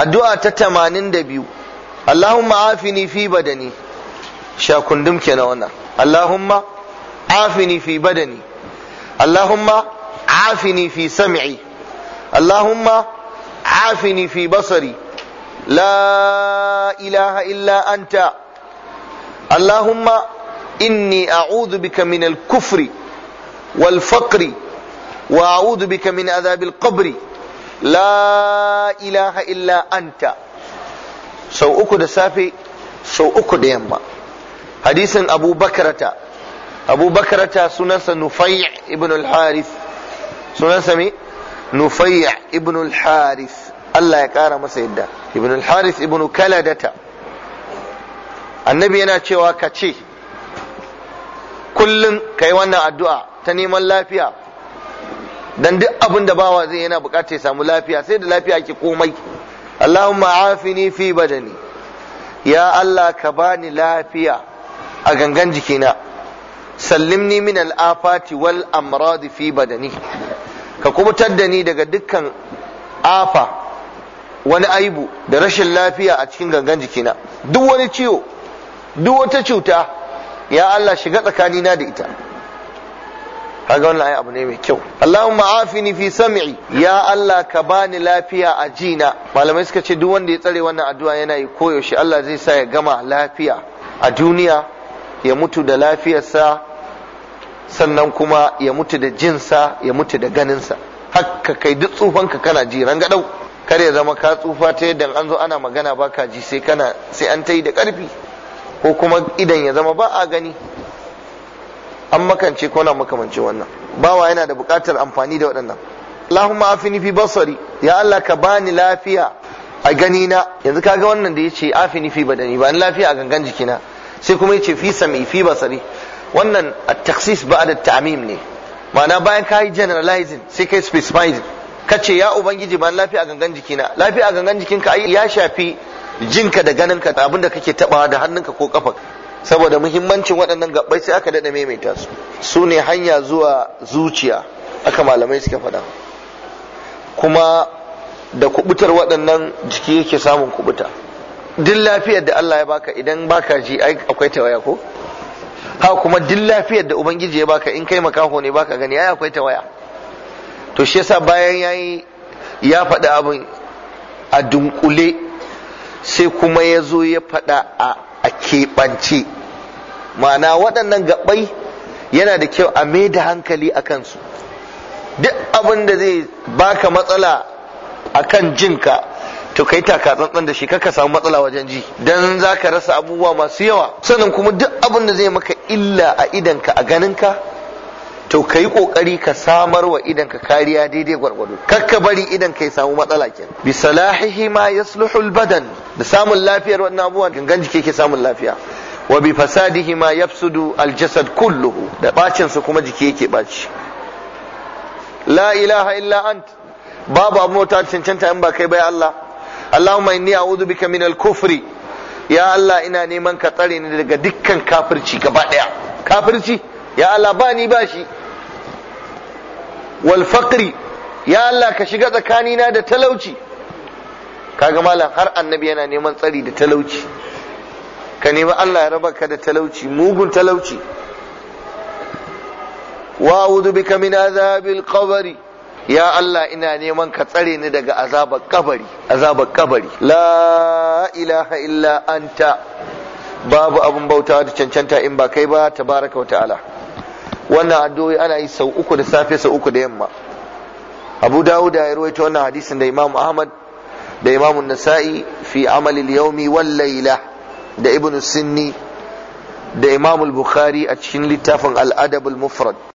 addu'a ta tamanin da biyu Allahumma afini fi badani sha kundum kenan wannan Allahumma afini fi badani Allahumma afini fi sam'i Allahumma afini fi basari la ilaha illa anta Allahumma inni a'udhu bika min al-kufri wal faqri wa a'udhu bika min adhabil qabri la ilaha illa anta sau uku da safe sau uku da yamma hadisin abu bakarata abu bakarata sunansa nufai ibn al-harith sunansa me nufai ibn al-harith Allah ya ƙara masa yadda ibn al-harith ibn kaladata annabi yana cewa ka ce kullum ka wannan addu'a ta neman lafiya dan duk abin da bawa zai yana bukata ya samu lafiya sai da lafiya ake komai Allahumma afini fi badani ya Allah ka bani lafiya a gangan jikina sallimni min al-afati wal amrad fi badani ka kubutar da ni daga dukkan afa wani aibu da rashin lafiya a cikin gangan jikina duk wani ciwo duk wata cuta ya Allah shiga tsakanina da ita kaga wannan ai abu ne mai kyau Allahumma afini fi sam'i ya Allah ka bani lafiya a jina malamai suka ce duk wanda ya tsare wannan addu'a yana yi koyaushe Allah zai sa ya gama lafiya a duniya ya mutu da lafiyarsa sannan kuma ya mutu da jinsa ya mutu da ganinsa hakka kai duk tsufanka kana ji rangadau kar ya zama ka tsufa ta yadda an zo ana magana baka ji sai kana sai an ta yi da karfi ko kuma idan ya zama ba a gani an makance ko na makamance wannan bawa yana da buƙatar amfani da waɗannan Allahumma afini fi basari ya Allah ka bani lafiya a gani na yanzu kaga wannan da yace afini fi badani ba lafiya a gangan jikina sai kuma yace fi sami fi basari wannan at taksis da da tamim ne ma'ana bayan ka yi generalizing sai kai specifying ka ce ya ubangiji ba lafiya a gangan jikina lafiya a gangan jikinka ya shafi jinka da ganinka da abin da kake tabawa da hannunka ko kafa saboda muhimmancin waɗannan gabbai sai aka daɗa maimaita su su ne hanya zuwa zuciya aka malamai suka faɗa kuma da kubutar waɗannan jiki yake samun kubuta duk lafiyar da Allah ya baka idan baka ji akwai tawaya ko ha kuma duk lafiyar da ubangiji ya baka in kai makaho ne baka gani ai akwai tawaya to shi yasa bayan yayi ya faɗi abin a dunkule sai kuma ya zo ya faɗa a keɓance ma'ana waɗannan gaɓai yana da kyau a mai da hankali a kansu duk abin da zai baka matsala a kan jinka to kai taka tsantsan da shi kaka samu matsala wajen ji dan za ka rasa abubuwa masu yawa sannan kuma duk abin da zai maka illa a idanka a ganinka to ka yi ƙoƙari ka samar wa idanka kariya daidai gwargwado kakka bari idan ka samu matsala kenan bi salahihi ma yasluhul badan da samun lafiyar wannan abubuwan gangan jiki ke samun lafiya wa bi fasadihi ma yafsudu aljasad kulluhu da bacin su kuma jiki yake baci la ilaha illa ant babu abu mota cancanta in ba kai bai Allah Allahumma inni a'udhu bika min al-kufri ya Allah ina neman ka tsare ni daga dukkan kafirci gaba daya kafirci ya Allah ba ni bashi wal faqri ya Allah ka shiga tsakanina da talauci kaga malam har annabi yana neman tsari da talauci ka nemi Allah ya raba ka da talauci mugun talauci wa wudu bika min azabil qabri ya Allah ina neman ka tsare ni daga azabar kabari azabar kabari la ilaha illa anta babu abun bauta da cancanta in ba kai ba tabaraka wata'ala wannan addu'o'i ana yi sau uku da safe sau uku da yamma abu dawud ya rawaito wannan hadisin da imam ahmad da imam nasa'i fi amali al-yawmi wal layla da ibn sinni da Imamul bukhari a cikin littafin al-adab al-mufrad